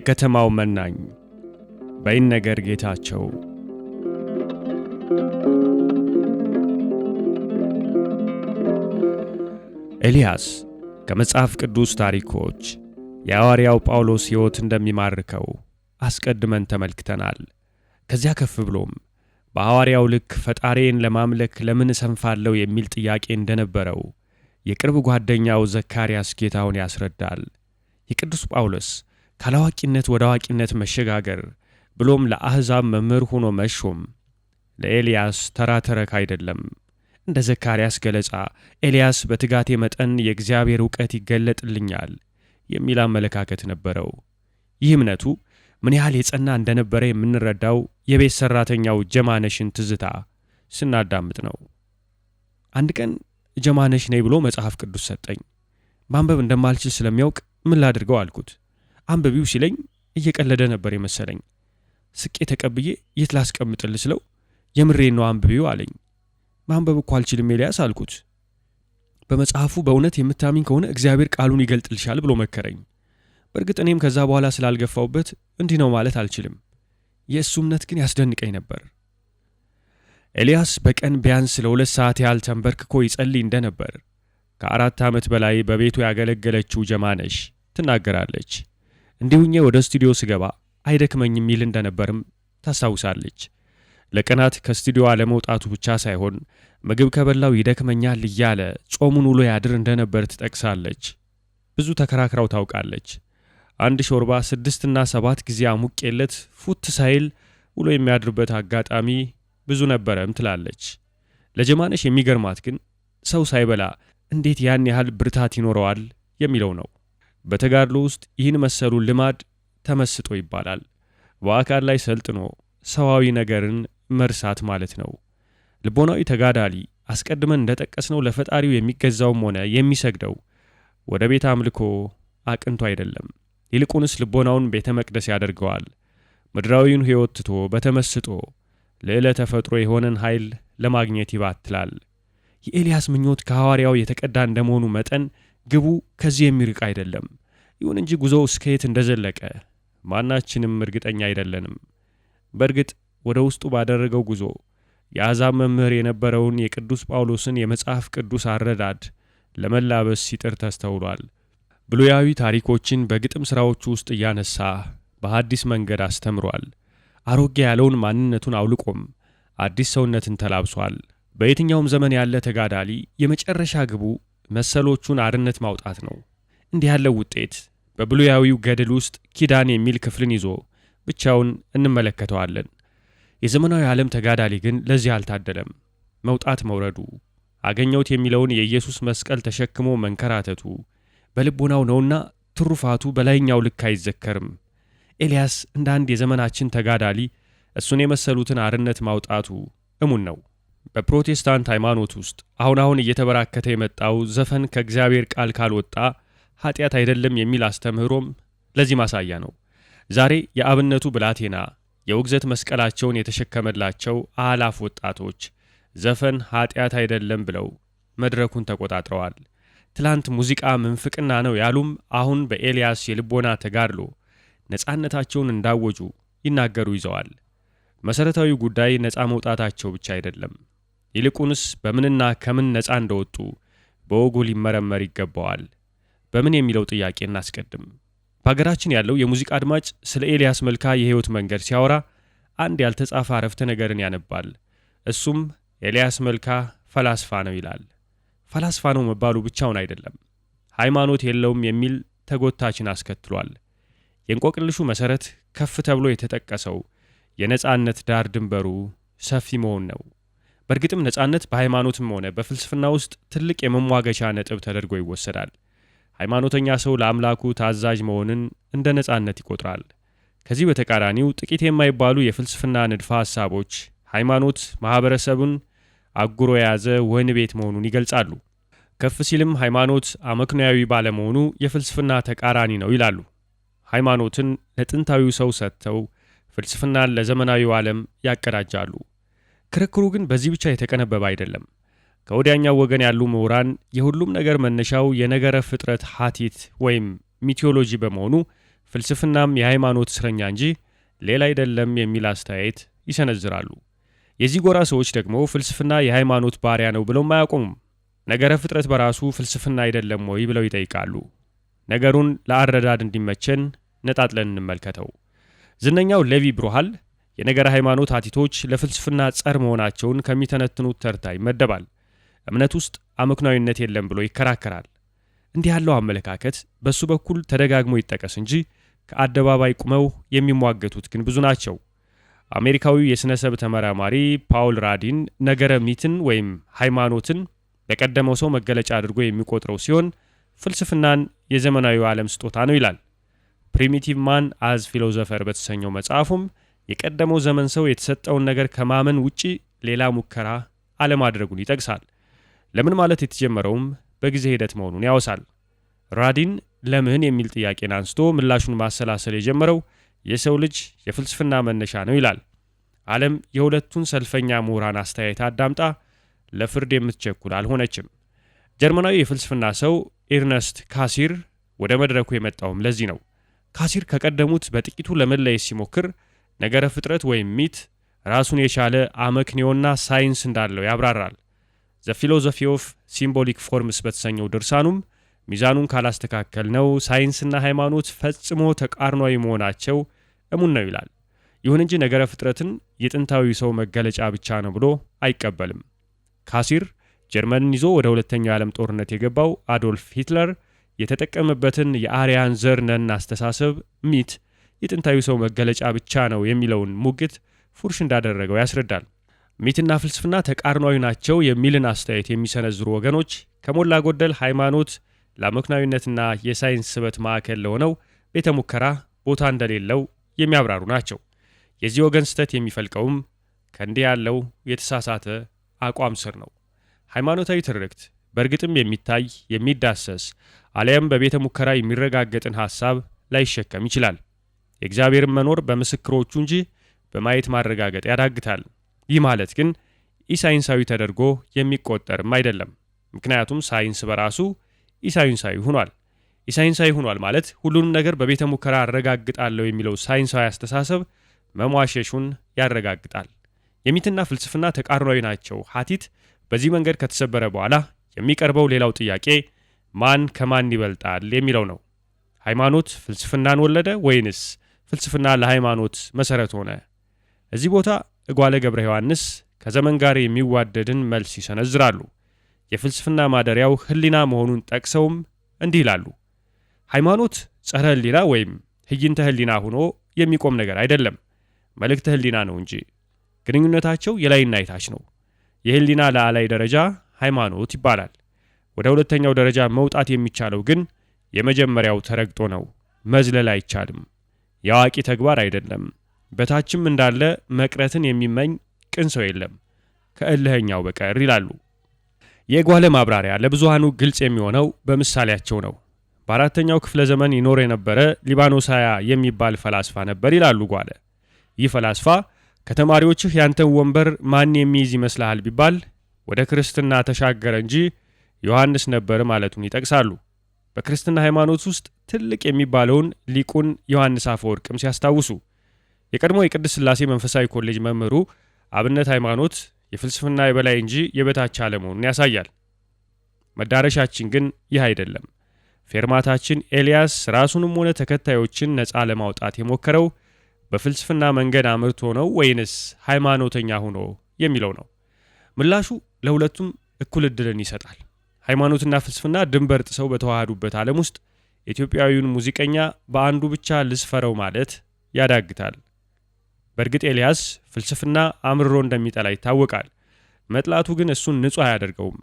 የከተማው መናኝ ነገር ጌታቸው ኤልያስ ከመጽሐፍ ቅዱስ ታሪኮች የሐዋርያው ጳውሎስ ሕይወት እንደሚማርከው አስቀድመን ተመልክተናል። ከዚያ ከፍ ብሎም በሐዋርያው ልክ ፈጣሬን ለማምለክ ለምን እሰንፋለሁ የሚል ጥያቄ እንደነበረው የቅርብ ጓደኛው ዘካርያስ ጌታውን ያስረዳል። የቅዱስ ጳውሎስ ካላዋቂነት ወደ አዋቂነት መሸጋገር ብሎም ለአሕዛብ መምህር ሆኖ መሾም ለኤልያስ ተራ ተረክ አይደለም። እንደ ዘካርያስ ገለጻ ኤልያስ በትጋቴ መጠን የእግዚአብሔር እውቀት ይገለጥልኛል የሚል አመለካከት ነበረው። ይህ እምነቱ ምን ያህል የጸና እንደነበረ የምንረዳው የቤት ሠራተኛው ጀማነሽን ትዝታ ስናዳምጥ ነው። አንድ ቀን ጀማነሽ ነይ ብሎ መጽሐፍ ቅዱስ ሰጠኝ። ማንበብ እንደማልችል ስለሚያውቅ ምን ላድርገው አልኩት። አንብቢው ሲለኝ እየቀለደ ነበር የመሰለኝ። ስቄ ተቀብዬ የት ላስቀምጥል ስለው የምሬን ነው አንብቢው አለኝ። ማንበብ እኮ አልችልም ኤልያስ አልኩት። በመጽሐፉ በእውነት የምታሚኝ ከሆነ እግዚአብሔር ቃሉን ይገልጥልሻል ብሎ መከረኝ። በእርግጥ እኔም ከዛ በኋላ ስላልገፋውበት እንዲህ ነው ማለት አልችልም። የእሱ እምነት ግን ያስደንቀኝ ነበር። ኤልያስ በቀን ቢያንስ ለሁለት ሰዓት ያህል ተንበርክኮ ይጸልይ እንደነበር ከአራት ዓመት በላይ በቤቱ ያገለገለችው ጀማነሽ ትናገራለች። እንዲሁኜ ወደ ስቱዲዮ ስገባ አይደክመኝም ይል እንደነበርም ታስታውሳለች። ለቀናት ከስቱዲዮ አለመውጣቱ ብቻ ሳይሆን ምግብ ከበላው ይደክመኛል እያለ ጾሙን ውሎ ያድር እንደነበር ትጠቅሳለች። ብዙ ተከራክራው ታውቃለች። አንድ ሾርባ ስድስትና ሰባት ጊዜ አሙቄለት ፉት ሳይል ውሎ የሚያድርበት አጋጣሚ ብዙ ነበረም ትላለች። ለጀማነሽ የሚገርማት ግን ሰው ሳይበላ እንዴት ያን ያህል ብርታት ይኖረዋል የሚለው ነው። በተጋድሎ ውስጥ ይህን መሰሉ ልማድ ተመስጦ ይባላል። በአካል ላይ ሰልጥኖ ሰዋዊ ነገርን መርሳት ማለት ነው። ልቦናዊ ተጋዳሊ አስቀድመን እንደጠቀስነው ለፈጣሪው የሚገዛውም ሆነ የሚሰግደው ወደ ቤተ አምልኮ አቅንቶ አይደለም። ይልቁንስ ልቦናውን ቤተ መቅደስ ያደርገዋል። ምድራዊውን ሕይወት ትቶ በተመስጦ ልዕለ ተፈጥሮ የሆነን ኃይል ለማግኘት ይባትላል። የኤልያስ ምኞት ከሐዋርያው የተቀዳ እንደመሆኑ መጠን ግቡ ከዚህ የሚርቅ አይደለም። ይሁን እንጂ ጉዞው እስከየት እንደዘለቀ ማናችንም እርግጠኛ አይደለንም። በእርግጥ ወደ ውስጡ ባደረገው ጉዞ የአሕዛብ መምህር የነበረውን የቅዱስ ጳውሎስን የመጽሐፍ ቅዱስ አረዳድ ለመላበስ ሲጥር ተስተውሏል። ብሉያዊ ታሪኮችን በግጥም ሥራዎቹ ውስጥ እያነሳ በአዲስ መንገድ አስተምሯል። አሮጌ ያለውን ማንነቱን አውልቆም አዲስ ሰውነትን ተላብሷል። በየትኛውም ዘመን ያለ ተጋዳሊ የመጨረሻ ግቡ መሰሎቹን አርነት ማውጣት ነው። እንዲህ ያለው ውጤት በብሉያዊው ገድል ውስጥ ኪዳን የሚል ክፍልን ይዞ ብቻውን እንመለከተዋለን። የዘመናዊ ዓለም ተጋዳሊ ግን ለዚህ አልታደለም። መውጣት መውረዱ፣ አገኘውት የሚለውን የኢየሱስ መስቀል ተሸክሞ መንከራተቱ በልቦናው ነውና ትሩፋቱ በላይኛው ልክ አይዘከርም። ኤልያስ እንደ አንድ የዘመናችን ተጋዳሊ እሱን የመሰሉትን አርነት ማውጣቱ እሙን ነው። በፕሮቴስታንት ሃይማኖት ውስጥ አሁን አሁን እየተበራከተ የመጣው ዘፈን ከእግዚአብሔር ቃል ካልወጣ ኃጢአት አይደለም የሚል አስተምህሮም ለዚህ ማሳያ ነው። ዛሬ የአብነቱ ብላቴና የውግዘት መስቀላቸውን የተሸከመላቸው አላፍ ወጣቶች ዘፈን ኃጢአት አይደለም ብለው መድረኩን ተቆጣጥረዋል። ትላንት ሙዚቃ ምንፍቅና ነው ያሉም አሁን በኤልያስ የልቦና ተጋድሎ ነፃነታቸውን እንዳወጁ ይናገሩ ይዘዋል። መሠረታዊ ጉዳይ ነፃ መውጣታቸው ብቻ አይደለም። ይልቁንስ በምንና ከምን ነፃ እንደወጡ በወጉ ሊመረመር ይገባዋል። በምን የሚለው ጥያቄ እናስቀድም። በሀገራችን ያለው የሙዚቃ አድማጭ ስለ ኤልያስ መልካ የህይወት መንገድ ሲያወራ አንድ ያልተጻፈ አረፍተ ነገርን ያነባል። እሱም ኤልያስ መልካ ፈላስፋ ነው ይላል። ፈላስፋ ነው መባሉ ብቻውን አይደለም፣ ሃይማኖት የለውም የሚል ተጎታችን አስከትሏል። የእንቆቅልሹ መሠረት ከፍ ተብሎ የተጠቀሰው የነፃነት ዳር ድንበሩ ሰፊ መሆን ነው። በእርግጥም ነፃነት በሃይማኖትም ሆነ በፍልስፍና ውስጥ ትልቅ የመሟገቻ ነጥብ ተደርጎ ይወሰዳል። ሃይማኖተኛ ሰው ለአምላኩ ታዛዥ መሆንን እንደ ነፃነት ይቆጥራል። ከዚህ በተቃራኒው ጥቂት የማይባሉ የፍልስፍና ንድፈ ሐሳቦች ሃይማኖት ማኅበረሰቡን አጉሮ የያዘ ወህኒ ቤት መሆኑን ይገልጻሉ። ከፍ ሲልም ሃይማኖት አመክንያዊ ባለመሆኑ የፍልስፍና ተቃራኒ ነው ይላሉ። ሃይማኖትን ለጥንታዊው ሰው ሰጥተው ፍልስፍናን ለዘመናዊው ዓለም ያቀዳጃሉ። ክርክሩ ግን በዚህ ብቻ የተቀነበበ አይደለም። ከወዲያኛው ወገን ያሉ ምሁራን የሁሉም ነገር መነሻው የነገረ ፍጥረት ሀቲት ወይም ሚቴዎሎጂ በመሆኑ ፍልስፍናም የሃይማኖት እስረኛ እንጂ ሌላ አይደለም የሚል አስተያየት ይሰነዝራሉ። የዚህ ጎራ ሰዎች ደግሞ ፍልስፍና የሃይማኖት ባሪያ ነው ብለውም አያቆሙም። ነገረ ፍጥረት በራሱ ፍልስፍና አይደለም ወይ ብለው ይጠይቃሉ። ነገሩን ለአረዳድ እንዲመቸን ነጣጥለን እንመልከተው። ዝነኛው ሌቪ ብሩሃል የነገረ ሃይማኖት አቲቶች ለፍልስፍና ጸር መሆናቸውን ከሚተነትኑት ተርታ ይመደባል። እምነት ውስጥ አመክናዊነት የለም ብሎ ይከራከራል። እንዲህ ያለው አመለካከት በሱ በኩል ተደጋግሞ ይጠቀስ እንጂ ከአደባባይ ቁመው የሚሟገቱት ግን ብዙ ናቸው። አሜሪካዊው የሥነሰብ ተመራማሪ ፓውል ራዲን ነገረ ሚትን ወይም ሃይማኖትን ለቀደመው ሰው መገለጫ አድርጎ የሚቆጥረው ሲሆን ፍልስፍናን የዘመናዊ ዓለም ስጦታ ነው ይላል። ፕሪሚቲቭ ማን አዝ ፊሎዘፈር በተሰኘው መጽሐፉም የቀደመው ዘመን ሰው የተሰጠውን ነገር ከማመን ውጪ ሌላ ሙከራ አለማድረጉን ይጠቅሳል። ለምን ማለት የተጀመረውም በጊዜ ሂደት መሆኑን ያወሳል። ራዲን ለምን የሚል ጥያቄን አንስቶ ምላሹን ማሰላሰል የጀመረው የሰው ልጅ የፍልስፍና መነሻ ነው ይላል። ዓለም የሁለቱን ሰልፈኛ ምሁራን አስተያየት አዳምጣ ለፍርድ የምትቸኩል አልሆነችም። ጀርመናዊ የፍልስፍና ሰው ኤርነስት ካሲር ወደ መድረኩ የመጣውም ለዚህ ነው። ካሲር ከቀደሙት በጥቂቱ ለመለየት ሲሞክር ነገረ ፍጥረት ወይም ሚት ራሱን የቻለ አመክንዮና ሳይንስ እንዳለው ያብራራል። ዘ ፊሎዞፊ ኦፍ ሲምቦሊክ ፎርምስ በተሰኘው ድርሳኑም ሚዛኑን ካላስተካከል ነው ሳይንስና ሃይማኖት ፈጽሞ ተቃርኗዊ መሆናቸው እሙን ነው ይላል። ይሁን እንጂ ነገረ ፍጥረትን የጥንታዊ ሰው መገለጫ ብቻ ነው ብሎ አይቀበልም። ካሲር ጀርመንን ይዞ ወደ ሁለተኛው የዓለም ጦርነት የገባው አዶልፍ ሂትለር የተጠቀመበትን የአርያን ዘር ነን አስተሳሰብ ሚት የጥንታዊ ሰው መገለጫ ብቻ ነው የሚለውን ሙግት ፉርሽ እንዳደረገው ያስረዳል። ሚትና ፍልስፍና ተቃርኗዊ ናቸው የሚልን አስተያየት የሚሰነዝሩ ወገኖች ከሞላ ጎደል ሃይማኖት ለአመክናዊነትና የሳይንስ ስበት ማዕከል ለሆነው ቤተ ሙከራ ቦታ እንደሌለው የሚያብራሩ ናቸው። የዚህ ወገን ስህተት የሚፈልቀውም ከእንዲህ ያለው የተሳሳተ አቋም ስር ነው። ሃይማኖታዊ ትርክት በእርግጥም የሚታይ የሚዳሰስ አሊያም በቤተ ሙከራ የሚረጋገጥን ሐሳብ ላይሸከም ይችላል። የእግዚአብሔርን መኖር በምስክሮቹ እንጂ በማየት ማረጋገጥ ያዳግታል። ይህ ማለት ግን ኢሳይንሳዊ ተደርጎ የሚቆጠርም አይደለም። ምክንያቱም ሳይንስ በራሱ ኢሳይንሳዊ ሆኗል። ኢሳይንሳዊ ሆኗል ማለት ሁሉንም ነገር በቤተ ሙከራ አረጋግጣለሁ የሚለው ሳይንሳዊ አስተሳሰብ መሟሸሹን ያረጋግጣል። የሚትና ፍልስፍና ተቃርናዊ ናቸው። ሀቲት በዚህ መንገድ ከተሰበረ በኋላ የሚቀርበው ሌላው ጥያቄ ማን ከማን ይበልጣል የሚለው ነው። ሃይማኖት ፍልስፍናን ወለደ ወይንስ ፍልስፍና ለሃይማኖት መሰረት ሆነ። እዚህ ቦታ እጓለ ገብረ ዮሐንስ ከዘመን ጋር የሚዋደድን መልስ ይሰነዝራሉ። የፍልስፍና ማደሪያው ህሊና መሆኑን ጠቅሰውም እንዲህ ይላሉ። ሃይማኖት ጸረ ህሊና ወይም ህይንተ ህሊና ሆኖ የሚቆም ነገር አይደለም፣ መልእክተ ህሊና ነው እንጂ። ግንኙነታቸው የላይና የታች ነው። የህሊና ለአላይ ደረጃ ሃይማኖት ይባላል። ወደ ሁለተኛው ደረጃ መውጣት የሚቻለው ግን የመጀመሪያው ተረግጦ ነው። መዝለል አይቻልም። የአዋቂ ተግባር አይደለም። በታችም እንዳለ መቅረትን የሚመኝ ቅን ሰው የለም ከእልህኛው በቀር ይላሉ። የጓለ ማብራሪያ ለብዙሃኑ ግልጽ የሚሆነው በምሳሌያቸው ነው። በአራተኛው ክፍለ ዘመን ይኖር የነበረ ሊባኖሳያ የሚባል ፈላስፋ ነበር ይላሉ ጓለ። ይህ ፈላስፋ ከተማሪዎችህ ያንተን ወንበር ማን የሚይዝ ይመስልሃል ቢባል ወደ ክርስትና ተሻገረ እንጂ ዮሐንስ ነበር ማለቱን ይጠቅሳሉ። በክርስትና ሃይማኖት ውስጥ ትልቅ የሚባለውን ሊቁን ዮሐንስ አፈወርቅም ሲያስታውሱ የቀድሞ የቅድስት ሥላሴ መንፈሳዊ ኮሌጅ መምህሩ አብነት ሃይማኖት የፍልስፍና የበላይ እንጂ የበታች አለመሆኑን ያሳያል። መዳረሻችን ግን ይህ አይደለም። ፌርማታችን ኤልያስ ራሱንም ሆነ ተከታዮችን ነፃ ለማውጣት የሞከረው በፍልስፍና መንገድ አምርቶ ነው ወይንስ ሃይማኖተኛ ሆኖ የሚለው ነው። ምላሹ ለሁለቱም እኩል ዕድልን ይሰጣል። ሃይማኖትና ፍልስፍና ድንበር ጥሰው በተዋሃዱበት ዓለም ውስጥ ኢትዮጵያዊውን ሙዚቀኛ በአንዱ ብቻ ልስፈረው ማለት ያዳግታል። በእርግጥ ኤልያስ ፍልስፍና አምርሮ እንደሚጠላ ይታወቃል። መጥላቱ ግን እሱን ንጹሕ አያደርገውም።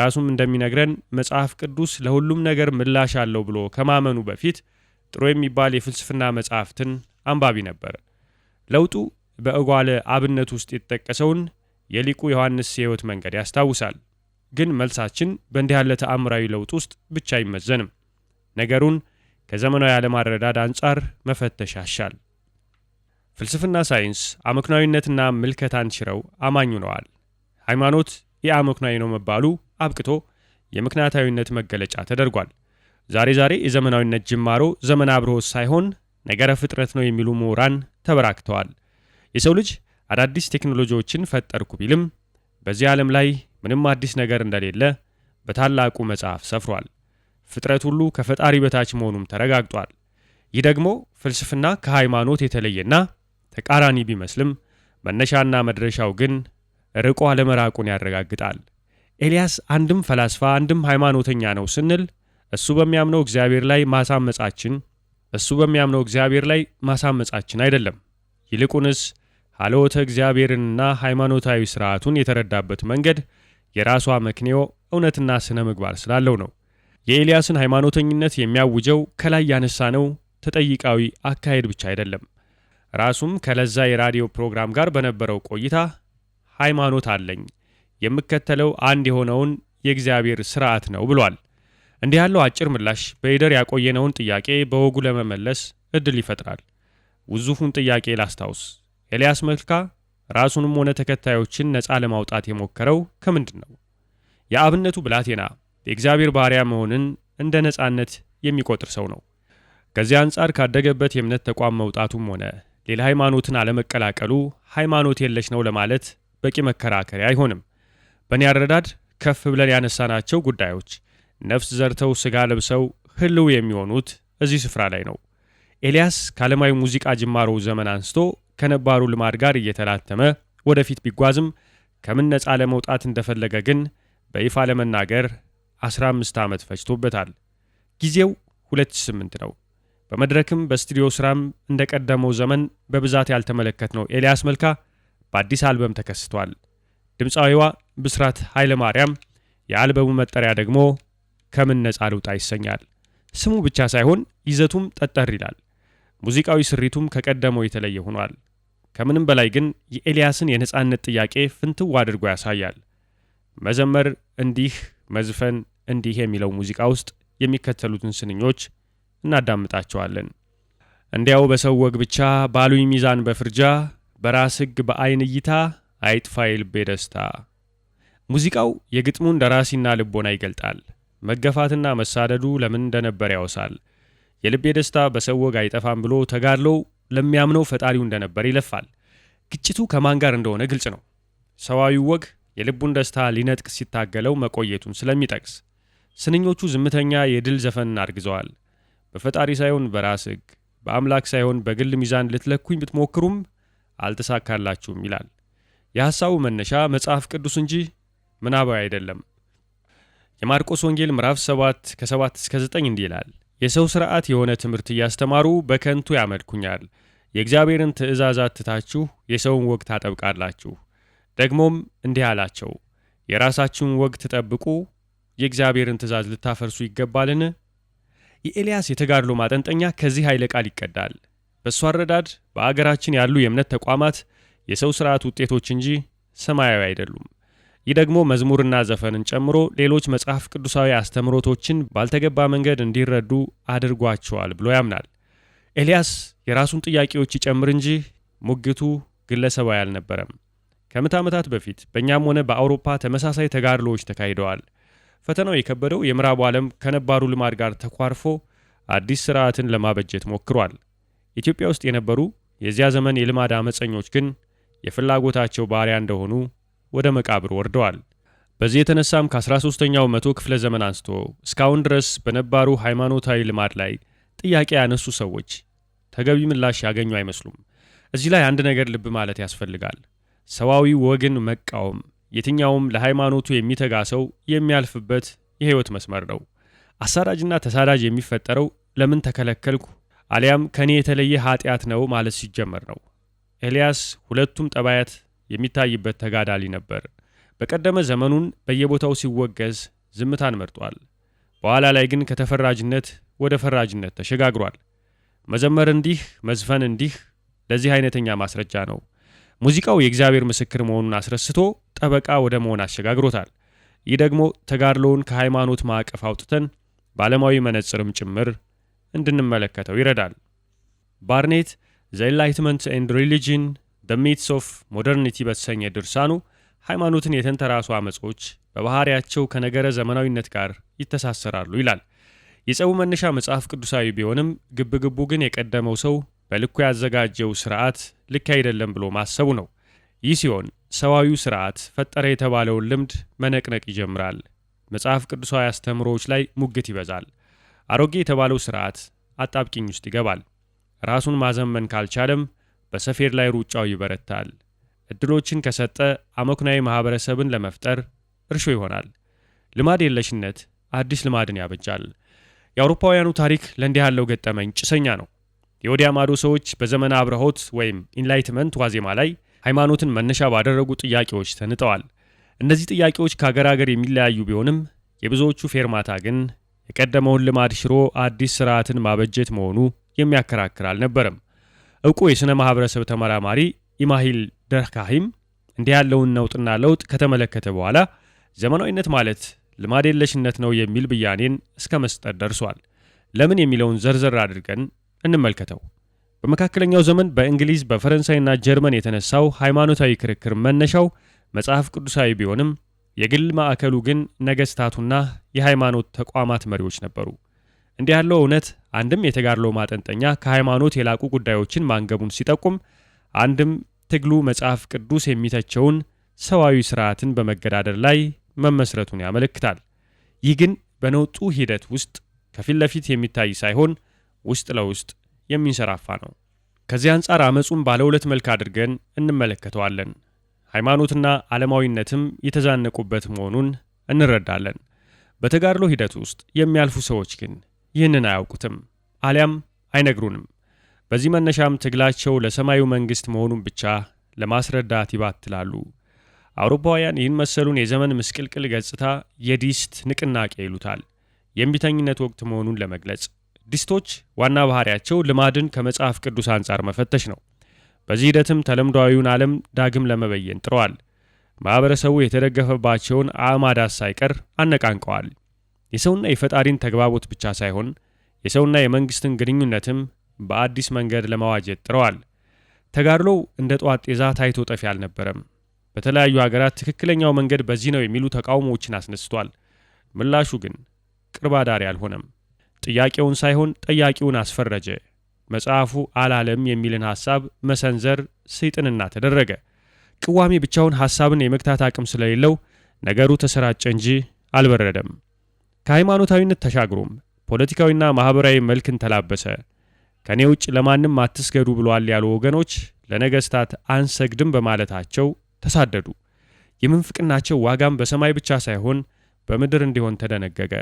ራሱም እንደሚነግረን መጽሐፍ ቅዱስ ለሁሉም ነገር ምላሽ አለው ብሎ ከማመኑ በፊት ጥሩ የሚባል የፍልስፍና መጽሐፍትን አንባቢ ነበር። ለውጡ በእጓለ አብነት ውስጥ የተጠቀሰውን የሊቁ ዮሐንስ የሕይወት መንገድ ያስታውሳል። ግን መልሳችን በእንዲህ ያለ ተአምራዊ ለውጥ ውስጥ ብቻ አይመዘንም። ነገሩን ከዘመናዊ አለማረዳድ አንጻር መፈተሽ ያሻል። ፍልስፍና ሳይንስ አመክናዊነትና ምልከታን ሽረው አማኙ ነዋል። ሃይማኖት የአመክናዊ ነው መባሉ አብቅቶ የምክንያታዊነት መገለጫ ተደርጓል። ዛሬ ዛሬ የዘመናዊነት ጅማሮ ዘመን አብርሆት ሳይሆን ነገረ ፍጥረት ነው የሚሉ ምሁራን ተበራክተዋል። የሰው ልጅ አዳዲስ ቴክኖሎጂዎችን ፈጠርኩ ቢልም በዚህ ዓለም ላይ ምንም አዲስ ነገር እንደሌለ በታላቁ መጽሐፍ ሰፍሯል። ፍጥረት ሁሉ ከፈጣሪ በታች መሆኑም ተረጋግጧል። ይህ ደግሞ ፍልስፍና ከሃይማኖት የተለየና ተቃራኒ ቢመስልም መነሻና መድረሻው ግን ርቆ አለመራቁን ያረጋግጣል። ኤልያስ አንድም ፈላስፋ አንድም ሃይማኖተኛ ነው ስንል እሱ በሚያምነው እግዚአብሔር ላይ ማሳመጻችን እሱ በሚያምነው እግዚአብሔር ላይ ማሳመጻችን አይደለም። ይልቁንስ ሀለወተ እግዚአብሔርንና ሃይማኖታዊ ስርዓቱን የተረዳበት መንገድ የራሷ መክንዮ እውነትና ስነ ምግባር ስላለው ነው። የኤልያስን ሃይማኖተኝነት የሚያውጀው ከላይ ያነሳ ነው ተጠይቃዊ አካሄድ ብቻ አይደለም። ራሱም ከለዛ የራዲዮ ፕሮግራም ጋር በነበረው ቆይታ ሃይማኖት አለኝ የምከተለው አንድ የሆነውን የእግዚአብሔር ስርዓት ነው ብሏል። እንዲህ ያለው አጭር ምላሽ በኢደር ያቆየነውን ጥያቄ በወጉ ለመመለስ እድል ይፈጥራል። ውዙፉን ጥያቄ ላስታውስ። ኤልያስ መልካ ራሱንም ሆነ ተከታዮችን ነፃ ለማውጣት የሞከረው ከምንድን ነው? የአብነቱ ብላቴና የእግዚአብሔር ባሪያ መሆንን እንደ ነፃነት የሚቆጥር ሰው ነው። ከዚህ አንጻር ካደገበት የእምነት ተቋም መውጣቱም ሆነ ሌላ ሃይማኖትን አለመቀላቀሉ ሃይማኖት የለሽ ነው ለማለት በቂ መከራከሪያ አይሆንም። በእኔ አረዳድ ከፍ ብለን ያነሳናቸው ጉዳዮች ነፍስ ዘርተው ሥጋ ለብሰው ህልው የሚሆኑት እዚህ ስፍራ ላይ ነው። ኤልያስ ከዓለማዊ ሙዚቃ ጅማሮው ዘመን አንስቶ ከነባሩ ልማድ ጋር እየተላተመ ወደፊት ቢጓዝም ከምን ነፃ ለመውጣት እንደፈለገ ግን በይፋ ለመናገር 15 ዓመት ፈጅቶበታል። ጊዜው 2008 ነው። በመድረክም በስቱዲዮ ስራም እንደቀደመው ዘመን በብዛት ያልተመለከትነው ኤልያስ መልካ በአዲስ አልበም ተከስቷል። ድምፃዊዋ ብስራት ኃይለ ማርያም የአልበሙ መጠሪያ ደግሞ ከምን ነፃ ልውጣ ይሰኛል። ስሙ ብቻ ሳይሆን ይዘቱም ጠጠር ይላል። ሙዚቃዊ ስሪቱም ከቀደመው የተለየ ሆኗል። ከምንም በላይ ግን የኤልያስን የነፃነት ጥያቄ ፍንትው አድርጎ ያሳያል። መዘመር እንዲህ መዝፈን እንዲህ የሚለው ሙዚቃ ውስጥ የሚከተሉትን ስንኞች እናዳምጣቸዋለን። እንዲያው በሰው ወግ ብቻ ባሉኝ ሚዛን በፍርጃ በራስ ሕግ በአይን እይታ አይጥፋ የልቤ ደስታ። ሙዚቃው የግጥሙን ደራሲና ልቦና ይገልጣል። መገፋትና መሳደዱ ለምን እንደነበር ያወሳል። የልቤ ደስታ በሰው ወግ አይጠፋም ብሎ ተጋድሎው ለሚያምነው ፈጣሪው እንደነበር ይለፋል። ግጭቱ ከማን ጋር እንደሆነ ግልጽ ነው። ሰዋዊው ወግ የልቡን ደስታ ሊነጥቅ ሲታገለው መቆየቱን ስለሚጠቅስ ስንኞቹ ዝምተኛ የድል ዘፈንን አርግዘዋል። በፈጣሪ ሳይሆን በራስ ሕግ፣ በአምላክ ሳይሆን በግል ሚዛን ልትለኩኝ ብትሞክሩም አልተሳካላችሁም ይላል። የሐሳቡ መነሻ መጽሐፍ ቅዱስ እንጂ ምናባዊ አይደለም። የማርቆስ ወንጌል ምዕራፍ 7 ከ7 እስከ 9 እንዲህ ይላል የሰው ሥርዓት የሆነ ትምህርት እያስተማሩ በከንቱ ያመልኩኛል። የእግዚአብሔርን ትእዛዛት ትታችሁ የሰውን ወግ ታጠብቃላችሁ። ደግሞም እንዲህ አላቸው፣ የራሳችሁን ወግ ትጠብቁ የእግዚአብሔርን ትእዛዝ ልታፈርሱ ይገባልን? የኤልያስ የተጋድሎ ማጠንጠኛ ከዚህ ኃይለ ቃል ይቀዳል። በእሱ አረዳድ በአገራችን ያሉ የእምነት ተቋማት የሰው ሥርዓት ውጤቶች እንጂ ሰማያዊ አይደሉም። ይህ ደግሞ መዝሙርና ዘፈንን ጨምሮ ሌሎች መጽሐፍ ቅዱሳዊ አስተምሮቶችን ባልተገባ መንገድ እንዲረዱ አድርጓቸዋል ብሎ ያምናል። ኤልያስ የራሱን ጥያቄዎች ይጨምር እንጂ ሙግቱ ግለሰባዊ አልነበረም። ከምት ዓመታት በፊት በእኛም ሆነ በአውሮፓ ተመሳሳይ ተጋድሎዎች ተካሂደዋል። ፈተናው የከበደው የምዕራቡ ዓለም ከነባሩ ልማድ ጋር ተኳርፎ አዲስ ስርዓትን ለማበጀት ሞክሯል። ኢትዮጵያ ውስጥ የነበሩ የዚያ ዘመን የልማድ አመፀኞች ግን የፍላጎታቸው ባሪያ እንደሆኑ ወደ መቃብር ወርደዋል። በዚህ የተነሳም ከ13ኛው መቶ ክፍለ ዘመን አንስቶ እስካሁን ድረስ በነባሩ ሃይማኖታዊ ልማድ ላይ ጥያቄ ያነሱ ሰዎች ተገቢ ምላሽ ያገኙ አይመስሉም። እዚህ ላይ አንድ ነገር ልብ ማለት ያስፈልጋል። ሰዋዊ ወግን መቃወም የትኛውም ለሃይማኖቱ የሚተጋ ሰው የሚያልፍበት የህይወት መስመር ነው። አሳዳጅና ተሳዳጅ የሚፈጠረው ለምን ተከለከልኩ አሊያም ከእኔ የተለየ ኃጢአት ነው ማለት ሲጀመር ነው። ኤልያስ ሁለቱም ጠባያት የሚታይበት ተጋዳሊ ነበር። በቀደመ ዘመኑን በየቦታው ሲወገዝ ዝምታን መርጧል። በኋላ ላይ ግን ከተፈራጅነት ወደ ፈራጅነት ተሸጋግሯል። መዘመር እንዲህ፣ መዝፈን እንዲህ ለዚህ አይነተኛ ማስረጃ ነው። ሙዚቃው የእግዚአብሔር ምስክር መሆኑን አስረስቶ ጠበቃ ወደ መሆን አሸጋግሮታል። ይህ ደግሞ ተጋድሎውን ከሃይማኖት ማዕቀፍ አውጥተን በዓለማዊ መነጽርም ጭምር እንድንመለከተው ይረዳል። ባርኔት ዘ ኢንላይትመንት ኤንድ ሪሊጅን በሚትስ ኦፍ ሞደርኒቲ በተሰኘ ድርሳኑ ሃይማኖትን የተንተራሱ አመጾች በባህሪያቸው ከነገረ ዘመናዊነት ጋር ይተሳሰራሉ ይላል። የጸቡ መነሻ መጽሐፍ ቅዱሳዊ ቢሆንም ግብግቡ ግን የቀደመው ሰው በልኩ ያዘጋጀው ስርዓት ልክ አይደለም ብሎ ማሰቡ ነው። ይህ ሲሆን ሰዋዊው ስርዓት ፈጠረ የተባለውን ልምድ መነቅነቅ ይጀምራል። መጽሐፍ ቅዱሳዊ አስተምሮዎች ላይ ሙግት ይበዛል። አሮጌ የተባለው ስርዓት አጣብቂኝ ውስጥ ይገባል። ራሱን ማዘመን ካልቻለም በሰፌድ ላይ ሩጫው ይበረታል። እድሎችን ከሰጠ አመክናዊ ማህበረሰብን ለመፍጠር እርሾ ይሆናል። ልማድ የለሽነት አዲስ ልማድን ያበጃል። የአውሮፓውያኑ ታሪክ ለእንዲህ ያለው ገጠመኝ ጭሰኛ ነው። የወዲያ ማዶ ሰዎች በዘመነ አብርሆት ወይም ኢንላይትመንት ዋዜማ ላይ ሃይማኖትን መነሻ ባደረጉ ጥያቄዎች ተንጠዋል። እነዚህ ጥያቄዎች ከአገር አገር የሚለያዩ ቢሆንም የብዙዎቹ ፌርማታ ግን የቀደመውን ልማድ ሽሮ አዲስ ስርዓትን ማበጀት መሆኑ የሚያከራክር አልነበረም። እውቁ የሥነ ማኅበረሰብ ተመራማሪ ኢማሂል ደርካሂም እንዲህ ያለውን ነውጥና ለውጥ ከተመለከተ በኋላ ዘመናዊነት ማለት ልማድ የለሽነት ነው የሚል ብያኔን እስከ መስጠት ደርሷል። ለምን የሚለውን ዘርዘር አድርገን እንመልከተው። በመካከለኛው ዘመን በእንግሊዝ በፈረንሳይና ጀርመን የተነሳው ሃይማኖታዊ ክርክር መነሻው መጽሐፍ ቅዱሳዊ ቢሆንም የግል ማዕከሉ ግን ነገሥታቱና የሃይማኖት ተቋማት መሪዎች ነበሩ። እንዲህ ያለው እውነት አንድም የተጋድሎ ማጠንጠኛ ከሃይማኖት የላቁ ጉዳዮችን ማንገቡን ሲጠቁም፣ አንድም ትግሉ መጽሐፍ ቅዱስ የሚተቸውን ሰዋዊ ስርዓትን በመገዳደር ላይ መመስረቱን ያመለክታል። ይህ ግን በነውጡ ሂደት ውስጥ ከፊት ለፊት የሚታይ ሳይሆን ውስጥ ለውስጥ የሚንሰራፋ ነው። ከዚህ አንጻር አመፁን ባለ ሁለት መልክ አድርገን እንመለከተዋለን። ሃይማኖትና ዓለማዊነትም የተዛነቁበት መሆኑን እንረዳለን። በተጋድሎ ሂደት ውስጥ የሚያልፉ ሰዎች ግን ይህንን አያውቁትም አሊያም አይነግሩንም። በዚህ መነሻም ትግላቸው ለሰማዩ መንግሥት መሆኑን ብቻ ለማስረዳት ይባትላሉ። አውሮፓውያን ይህን መሰሉን የዘመን ምስቅልቅል ገጽታ የዲስት ንቅናቄ ይሉታል፣ የእምቢተኝነት ወቅት መሆኑን ለመግለጽ። ዲስቶች ዋና ባህሪያቸው ልማድን ከመጽሐፍ ቅዱስ አንጻር መፈተሽ ነው። በዚህ ሂደትም ተለምዷዊውን ዓለም ዳግም ለመበየን ጥረዋል። ማኅበረሰቡ የተደገፈባቸውን አእማዳት ሳይቀር አነቃንቀዋል። የሰውና የፈጣሪን ተግባቦት ብቻ ሳይሆን የሰውና የመንግስትን ግንኙነትም በአዲስ መንገድ ለማዋጀት ጥረዋል። ተጋድሎው እንደ ጠዋት ጤዛ ታይቶ ጠፊ አልነበረም። በተለያዩ ሀገራት ትክክለኛው መንገድ በዚህ ነው የሚሉ ተቃውሞዎችን አስነስቷል። ምላሹ ግን ቅርብ አዳሪ አልሆነም። ጥያቄውን ሳይሆን ጠያቂውን አስፈረጀ። መጽሐፉ አላለም የሚልን ሐሳብ መሰንዘር ሰይጥንና ተደረገ። ቅዋሜ ብቻውን ሐሳብን የመግታት አቅም ስለሌለው ነገሩ ተሰራጨ እንጂ አልበረደም። ከሃይማኖታዊነት ተሻግሮም ፖለቲካዊና ማኅበራዊ መልክን ተላበሰ። ከእኔ ውጭ ለማንም አትስገዱ ብሏል ያሉ ወገኖች ለነገሥታት አንሰግድም በማለታቸው ተሳደዱ። የምንፍቅናቸው ዋጋም በሰማይ ብቻ ሳይሆን በምድር እንዲሆን ተደነገገ።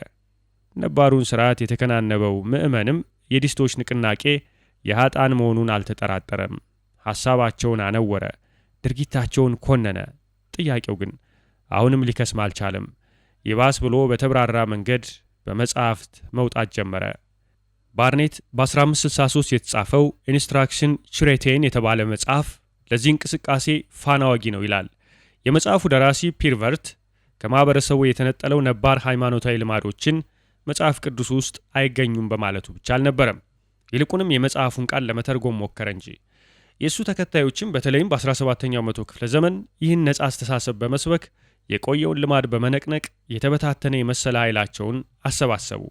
ነባሩን ሥርዓት የተከናነበው ምዕመንም የዲስቶች ንቅናቄ የኀጣን መሆኑን አልተጠራጠረም። ሐሳባቸውን አነወረ፣ ድርጊታቸውን ኮነነ። ጥያቄው ግን አሁንም ሊከስም አልቻለም። ይባስ ብሎ በተብራራ መንገድ በመጻሕፍት መውጣት ጀመረ። ባርኔት በ1563 የተጻፈው ኢንስትራክሽን ችሬቴን የተባለ መጽሐፍ ለዚህ እንቅስቃሴ ፋና ወጊ ነው ይላል። የመጽሐፉ ደራሲ ፒርቨርት ከማኅበረሰቡ የተነጠለው ነባር ሃይማኖታዊ ልማዶችን መጽሐፍ ቅዱስ ውስጥ አይገኙም በማለቱ ብቻ አልነበረም። ይልቁንም የመጽሐፉን ቃል ለመተርጎም ሞከረ እንጂ። የእሱ ተከታዮችም በተለይም በ17ኛው መቶ ክፍለ ዘመን ይህን ነጻ አስተሳሰብ በመስበክ የቆየውን ልማድ በመነቅነቅ የተበታተነ የመሰለ ኃይላቸውን አሰባሰቡ።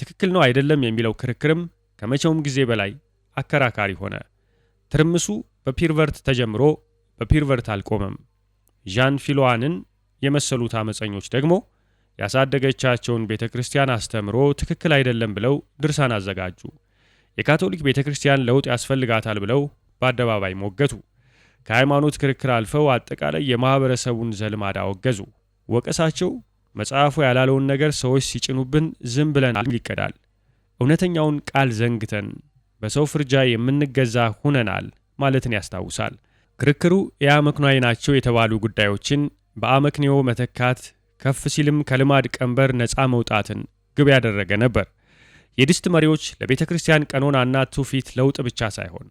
ትክክል ነው አይደለም የሚለው ክርክርም ከመቼውም ጊዜ በላይ አከራካሪ ሆነ። ትርምሱ በፒርቨርት ተጀምሮ በፒርቨርት አልቆመም። ዣን ፊሎዋንን የመሰሉት አመፀኞች ደግሞ ያሳደገቻቸውን ቤተ ክርስቲያን አስተምሮ ትክክል አይደለም ብለው ድርሳን አዘጋጁ። የካቶሊክ ቤተ ክርስቲያን ለውጥ ያስፈልጋታል ብለው በአደባባይ ሞገቱ። ከሃይማኖት ክርክር አልፈው አጠቃላይ የማኅበረሰቡን ዘልማድ አወገዙ። ወቀሳቸው መጽሐፉ ያላለውን ነገር ሰዎች ሲጭኑብን ዝም ብለን ይቀዳል። እውነተኛውን ቃል ዘንግተን በሰው ፍርጃ የምንገዛ ሁነናል ማለትን ያስታውሳል። ክርክሩ የአመክኗዊ ናቸው የተባሉ ጉዳዮችን በአመክንዮ መተካት ከፍ ሲልም ከልማድ ቀንበር ነፃ መውጣትን ግብ ያደረገ ነበር። የድስት መሪዎች ለቤተ ክርስቲያን ቀኖናና ትውፊት ለውጥ ብቻ ሳይሆን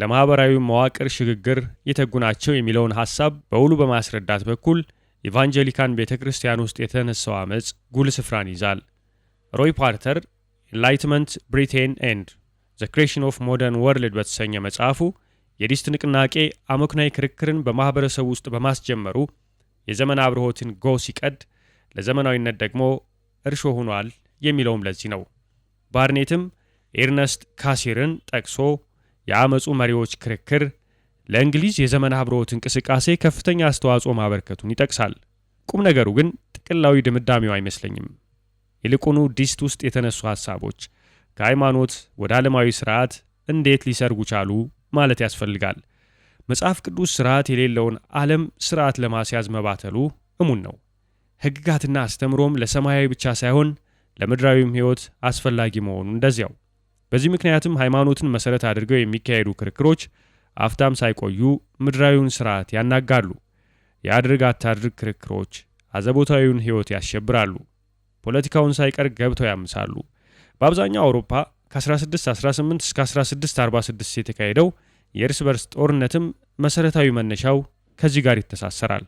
ለማኅበራዊ መዋቅር ሽግግር የተጉ ናቸው የሚለውን ሐሳብ በውሉ በማስረዳት በኩል ኢቫንጀሊካን ቤተ ክርስቲያን ውስጥ የተነሳው ዓመፅ ጉል ስፍራን ይዛል። ሮይ ፓርተር ኢንላይትመንት ብሪቴን ኤንድ ዘ ክሬሽን ኦፍ ሞደርን ወርልድ በተሰኘ መጽሐፉ የዲስት ንቅናቄ አመክናይ ክርክርን በማኅበረሰቡ ውስጥ በማስጀመሩ የዘመን አብርሆትን ጎ ሲቀድ ለዘመናዊነት ደግሞ እርሾ ሆኗል የሚለውም ለዚህ ነው። ባርኔትም ኤርነስት ካሲርን ጠቅሶ የአመፁ መሪዎች ክርክር ለእንግሊዝ የዘመን አብሮት እንቅስቃሴ ከፍተኛ አስተዋጽኦ ማበርከቱን ይጠቅሳል። ቁም ነገሩ ግን ጥቅላዊ ድምዳሜው አይመስለኝም። ይልቁኑ ዲስት ውስጥ የተነሱ ሀሳቦች ከሃይማኖት ወደ ዓለማዊ ስርዓት እንዴት ሊሰርጉ ቻሉ ማለት ያስፈልጋል። መጽሐፍ ቅዱስ ስርዓት የሌለውን ዓለም ስርዓት ለማስያዝ መባተሉ እሙን ነው። ሕግጋትና አስተምሮም ለሰማያዊ ብቻ ሳይሆን ለምድራዊም ሕይወት አስፈላጊ መሆኑ እንደዚያው። በዚህ ምክንያትም ሃይማኖትን መሰረት አድርገው የሚካሄዱ ክርክሮች አፍታም ሳይቆዩ ምድራዊውን ስርዓት ያናጋሉ። የአድርግ አታድርግ ክርክሮች አዘቦታዊውን ሕይወት ያሸብራሉ። ፖለቲካውን ሳይቀር ገብተው ያምሳሉ። በአብዛኛው አውሮፓ ከ1618 እስከ 1646 የተካሄደው የእርስ በርስ ጦርነትም መሰረታዊ መነሻው ከዚህ ጋር ይተሳሰራል።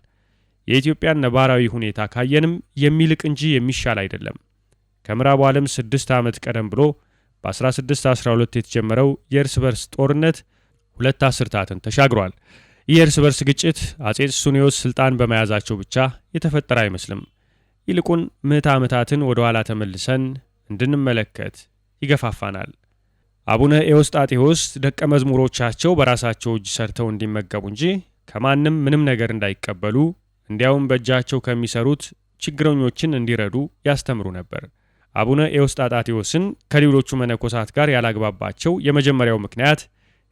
የኢትዮጵያን ነባራዊ ሁኔታ ካየንም የሚልቅ እንጂ የሚሻል አይደለም። ከምዕራቡ ዓለም ስድስት ዓመት ቀደም ብሎ በ1612 የተጀመረው የእርስ በርስ ጦርነት ሁለት አስርታትን ተሻግሯል። ይህ የእርስ በርስ ግጭት አጼ ሱኒዮስ ስልጣን በመያዛቸው ብቻ የተፈጠረ አይመስልም። ይልቁን ምዕተ ዓመታትን ወደ ኋላ ተመልሰን እንድንመለከት ይገፋፋናል። አቡነ ኤዎስጣቴዎስ ደቀ መዝሙሮቻቸው በራሳቸው እጅ ሰርተው እንዲመገቡ እንጂ ከማንም ምንም ነገር እንዳይቀበሉ እንዲያውም በእጃቸው ከሚሰሩት ችግረኞችን እንዲረዱ ያስተምሩ ነበር። አቡነ ኤዎስጣጣቴዎስን ከሌሎቹ መነኮሳት ጋር ያላግባባቸው የመጀመሪያው ምክንያት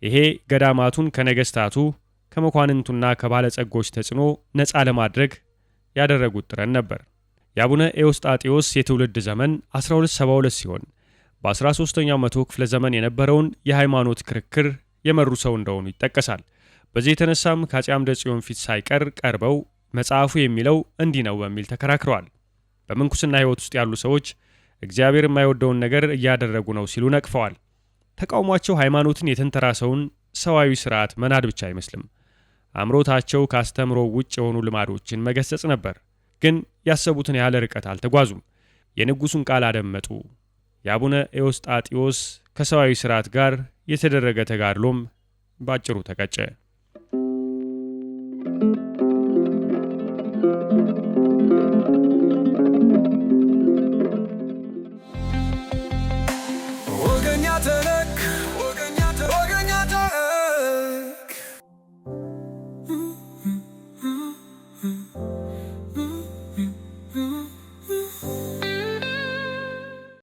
ይሄ ገዳማቱን ከነገስታቱ ከመኳንንቱና ከባለጸጎች ተጽዕኖ ነፃ ለማድረግ ያደረጉት ጥረን ነበር። የአቡነ ኤዎስጣጤዎስ የትውልድ ዘመን 1272 ሲሆን በ13ኛው መቶ ክፍለ ዘመን የነበረውን የሃይማኖት ክርክር የመሩ ሰው እንደሆኑ ይጠቀሳል። በዚህ የተነሳም ከአፄ አምደ ጽዮን ፊት ሳይቀር ቀርበው መጽሐፉ የሚለው እንዲህ ነው በሚል ተከራክረዋል። በምንኩስና ሕይወት ውስጥ ያሉ ሰዎች እግዚአብሔር የማይወደውን ነገር እያደረጉ ነው ሲሉ ነቅፈዋል። ተቃውሟቸው ሃይማኖትን የተንተራሰውን ሰዋዊ ስርዓት መናድ ብቻ አይመስልም። አምሮታቸው ካስተምሮ ውጭ የሆኑ ልማዶችን መገሰጽ ነበር። ግን ያሰቡትን ያህል ርቀት አልተጓዙም። የንጉሱን ቃል አደመጡ። የአቡነ ኤዎስጣጢዎስ ከሰዋዊ ስርዓት ጋር የተደረገ ተጋድሎም ባጭሩ ተቀጨ።